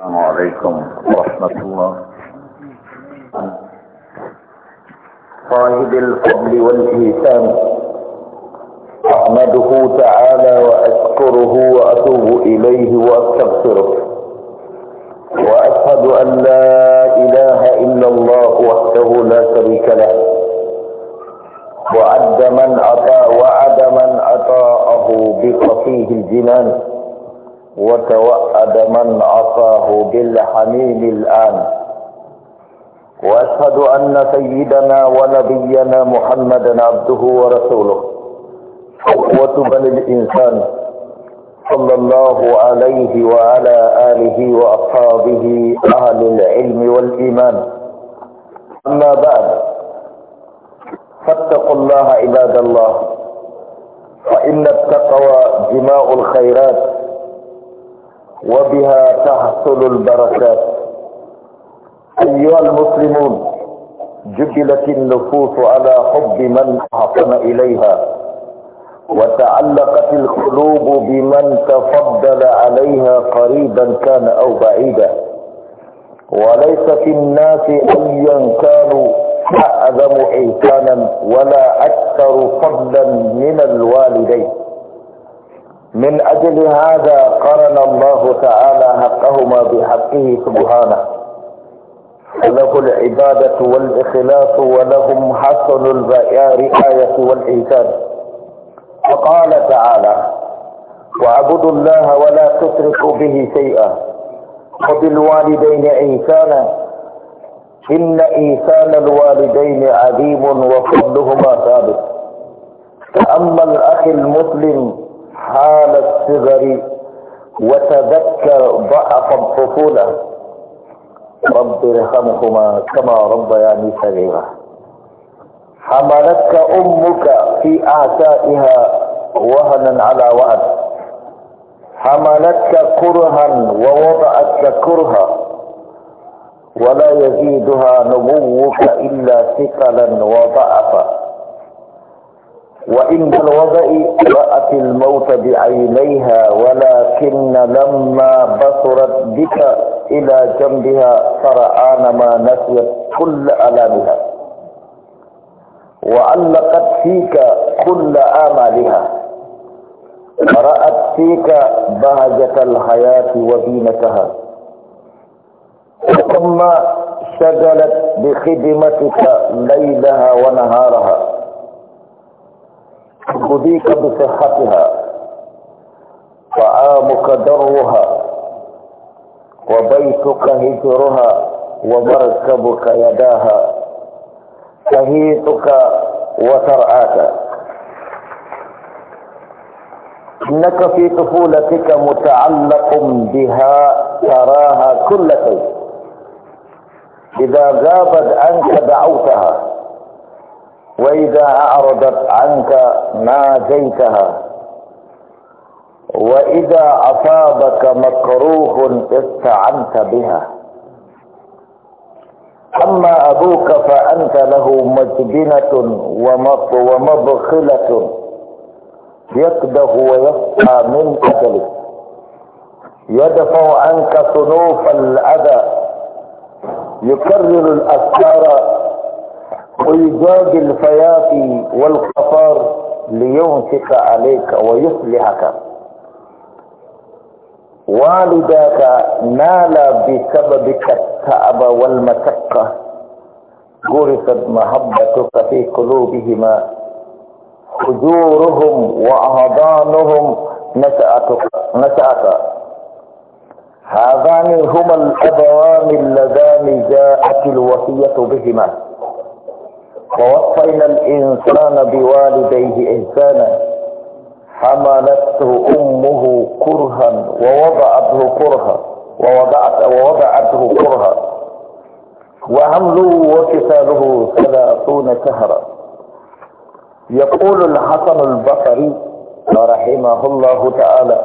السلام عليكم ورحمة الله صاحب الفضل والإيثام أحمده تعالى وأشكره وأتوب إليه وأستغفره وأشهد أن لا إله إلا الله وحده لا شريك له وعد من أطاع وعد من أطاعه بقصيه الجنان وتوأد من عصاه بالحميم الآن وأشهد أن سيدنا ونبينا محمدا عبده ورسوله صفوة بني الإنسان صلى الله عليه وعلى آله وأصحابه أهل العلم والإيمان أما بعد فاتقوا الله عباد الله فإن التقوى جماع الخيرات وبها تحصل البركات ايها المسلمون جبلت النفوس على حب من احسن اليها وتعلقت القلوب بمن تفضل عليها قريبا كان او بعيدا وليس في الناس ايا كانوا اعظم إيتانا ولا اكثر فضلا من الوالدين من أجل هذا قرن الله تعالى حقهما بحقه سبحانه فله العبادة والإخلاص ولهم حسن الرعاية والإنسان فقال تعالى واعبدوا الله ولا تشركوا به شيئا وبالوالدين إنسانا إن إنسان الوالدين عظيم وفضلهما ثابت فأما الأخ المسلم حال الصغر وتذكر ضعف الطفولة رب ارحمهما كما ربياني صغيرا حملتك أمك في أعتائها وهنا على وهن حملتك كرها ووضعتك كرها ولا يزيدها نبوك إلا ثقلا وضعفا وإن الوضع رأت الموت بعينيها ولكن لما بصرت بك إلى جنبها سرعان ما نسيت كل ألامها وعلقت فيك كل آمالها رأت فيك بهجة الحياة وزينتها ثم شغلت بخدمتك ليلها ونهارها بذيك بصحتها طعامك درها وبيتك هجرها ومركبك يداها تهيتك وترعاك إنك في طفولتك متعلق بها تراها كل شيء إذا غابت عنك دعوتها وإذا أعرضت عنك ناجيتها وإذا أصابك مكروه استعنت بها أما أبوك فأنت له مجبنة ومبخلة يكده ويسعى من أجلك يدفع عنك صنوف الأذى يكرر الأفكار ويجاد الفيافي والقطار لينفق عليك ويصلحك والداك نال بسببك التعب والمشقة غرست محبتك في قلوبهما حجورهم وأهضانهم نشأتك هذان هما الأبوان اللذان جاءت الوصية بهما ووصينا الإنسان بوالديه إنسانا حملته أمه كرها ووضعته كرها ووضعت ووضعته كرها وحمله وكساله ثلاثون شهرا يقول الحسن البصري رحمه الله تعالى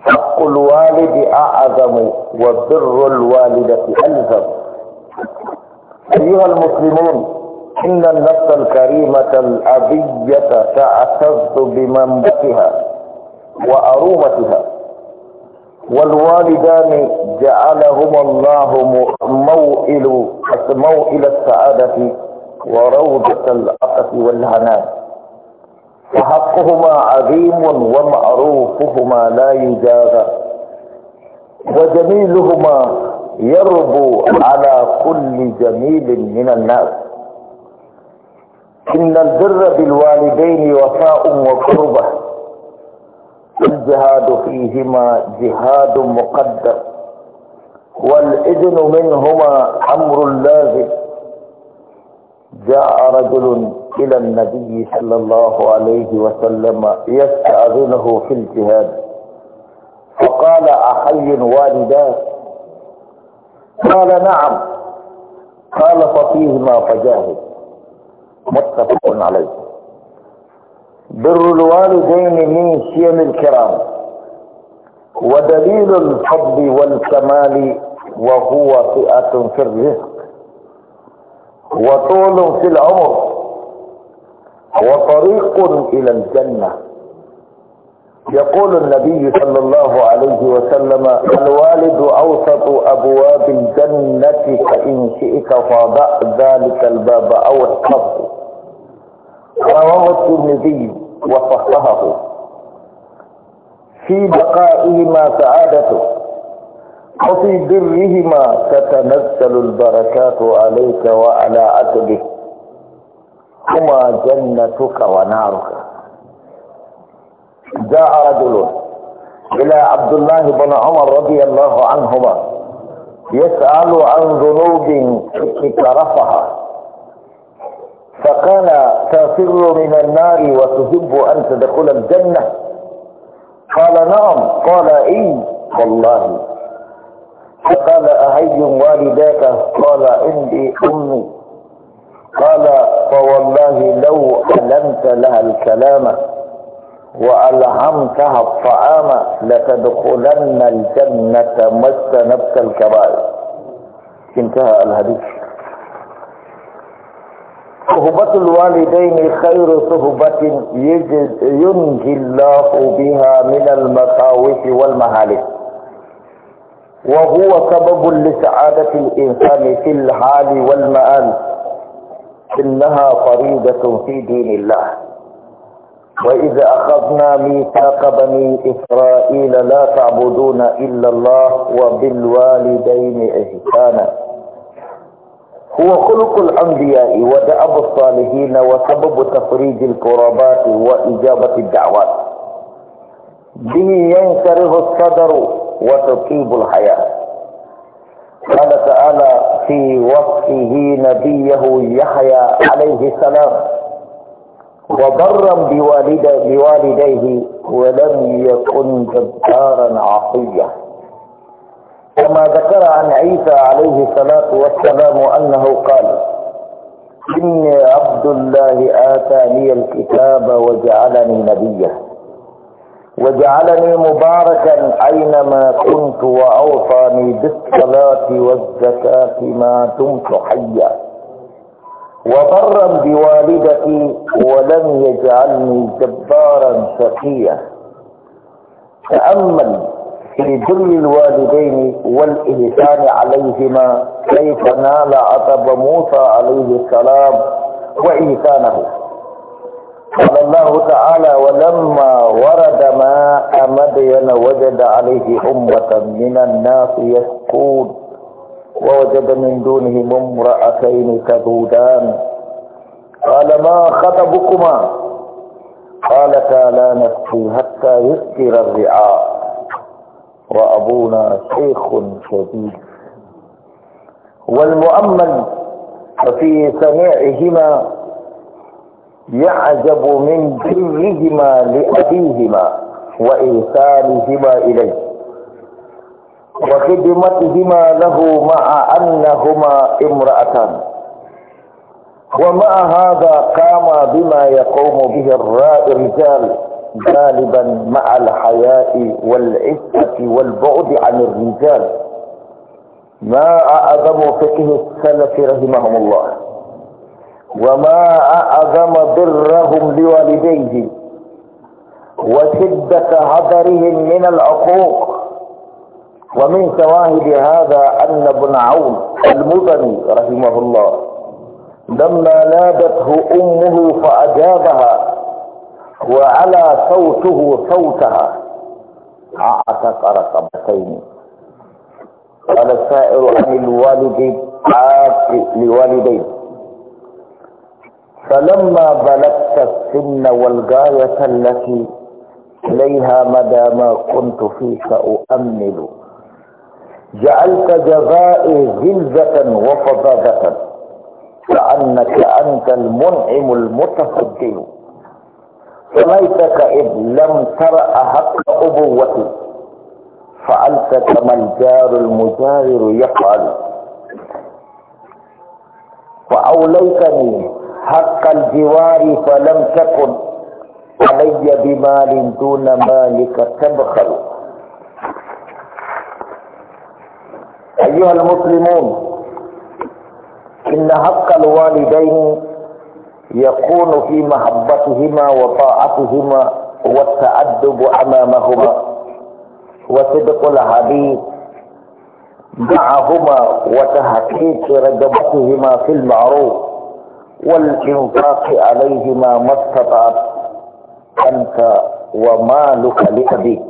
حق الوالد أعظم وبر الوالدة ألزم أيها المسلمون إن النفس الكريمة الأبية تعتز بمنبتها وأرومتها والوالدان جعلهما الله موئل موئل السعادة وروضة العطف والهناء فحقهما عظيم ومعروفهما لا يجازى وجميلهما يربو على كل جميل من الناس إن البر بالوالدين وفاء وقربة الجهاد فيهما جهاد مقدر والإذن منهما أمر لازم جاء رجل إلى النبي صلى الله عليه وسلم يستأذنه في الجهاد فقال أحي والداك قال نعم قال ففيهما فجاهد متفق عليه بر الوالدين من سيم الكرام ودليل الحب والكمال وهو فئة في الرزق وطول في العمر وطريق إلى الجنة يقول النبي صلى الله عليه وسلم الوالد أوسط أبواب الجنة فإن شئت فضع ذلك الباب أو احفظه رواه الترمذي وصححه في بقائهما سعادته وفي برهما تتنزل البركات عليك وعلى عتبه هما جنتك ونارك جاء رجل إلى عبد الله بن عمر رضي الله عنهما يسأل عن ذنوب اقترفها فقال تفر من النار وتحب أن تدخل الجنة قال نعم قال إي والله فقال أهي والداك قال عندي أمي قال فوالله لو علمت لها الكلام وألهمتها الطعام لتدخلن الجنة مس نفس الكبائر انتهى الحديث صحبة الوالدين خير صحبة ينجي الله بها من المخاوف والمهالك وهو سبب لسعادة الإنسان في الحال والمآل إنها فريضة في دين الله وإذ أخذنا ميثاق بني إسرائيل لا تعبدون إلا الله وبالوالدين إحسانا هو خلق الأنبياء ودأب الصالحين وسبب تفريج الكربات وإجابة الدعوات به ينشره الصدر وتطيب الحياة قال تعالى في وصفه نبيه يحيى عليه السلام وبرا بوالديه ولم يكن جبارا عصيا كما ذكر عن عيسى عليه الصلاة والسلام أنه قال إني عبد الله آتاني الكتاب وجعلني نبيا وجعلني مباركا أينما كنت وأوصاني بالصلاة والزكاة ما دمت حيا وبرا بوالدتي ولم يجعلني جبارا شقيا تأمل في ذل الوالدين والإحسان عليهما كيف نال عتب موسى عليه السلام وإحسانه قال الله تعالى ولما ورد ماء مدين وجد عليه أمة من الناس يسقون ووجد من دونهم امرأتين تذودان قال ما خطبكما قالتا لا نسقي حتى يسكر الرعاء وأبونا شيخ شديد والمؤمن ففي سمعهما يعجب من جرهما لأبيهما وإرسالهما إليه وخدمتهما له مع أنهما امرأتان ومع هذا قام بما يقوم به الرجال غالبا مع الحياء والعفة والبعد عن الرجال ما أعظم فقه السلف رحمهم الله وما أعظم ضرهم لوالديه وشدة حذرهم من العقوق ومن شواهد هذا أن ابن عون المدني رحمه الله لما نادته أمه فأجابها وعلى صوته صوتها عاتق رقبتين قال السائر عن الوالد عاق لوالدين فلما بلغت السن والغاية التي إليها مدى ما كنت فيك أؤمل جعلت جزائي غلزة وفزازة كأنك أنت المنعم المتفضل سميتك إذ لم تر حق أبوتي فعلت كما الجار المجاور يفعل فأوليتني حق الجوار فلم تكن علي بمال دون مالك تبخل أيها المسلمون إن حق الوالدين يكون في محبتهما وطاعتهما والتأدب أمامهما وصدق الحديث معهما وتحقيق رغبتهما في المعروف والإنفاق عليهما ما استطعت أنت ومالك لأبيك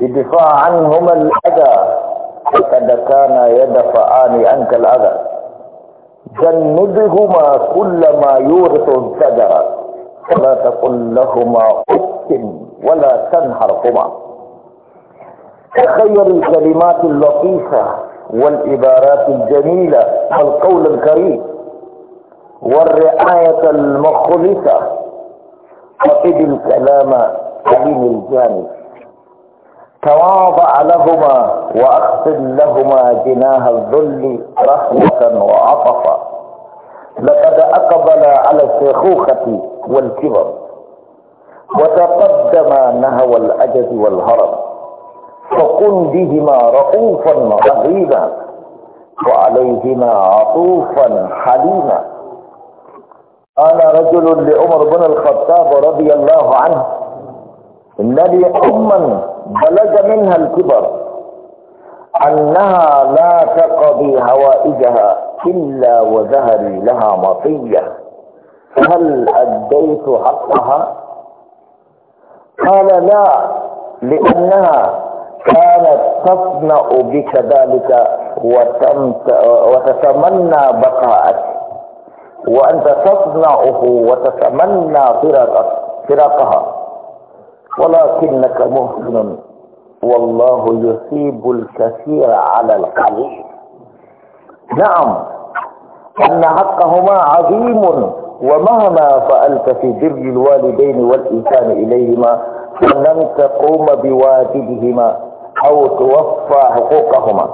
لدفاع عنهما الأذى فقد كان يدفعان عنك الأذى جنبهما كل ما يورث الزجر فلا تقل لهما أف ولا تنهرهما تخير الكلمات اللطيفة والعبارات الجميلة والقول الكريم والرعاية المخلصة فقد الكلام عليم الجانب تواضع لهما واغفر لهما جناه الذل رحمة وعطفا لقد اقبل على الشيخوخة والكبر وتقدم نهو العجز والهرم فكن بهما رؤوفا رحيما وعليهما عطوفا حليما قال رجل لعمر بن الخطاب رضي الله عنه ان لي اما بلغ منها الكبر أنها لا تقضي هوائجها إلا وذهري لها مطية هل أديت حقها قال لا لأنها كانت تصنع بك ذلك وتتمنى بقاءك وأنت تصنعه وتتمنى فراقك فراقها ولكنك مهتم والله يثيب الكثير على القليل نعم ان حقهما عظيم ومهما فعلت في بر الوالدين والإنسان إليهما فلن تقوم بواجبهما أو توفى حقوقهما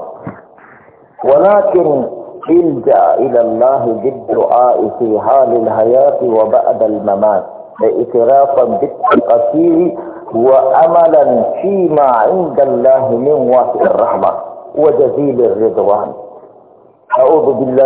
ولكن الجأ إلى الله بالدعاء في حال الحياة وبعد الممات إترافا بالتقصير وأملا فيما عند الله من واسع الرحمة وجزيل الرضوان أعوذ بالله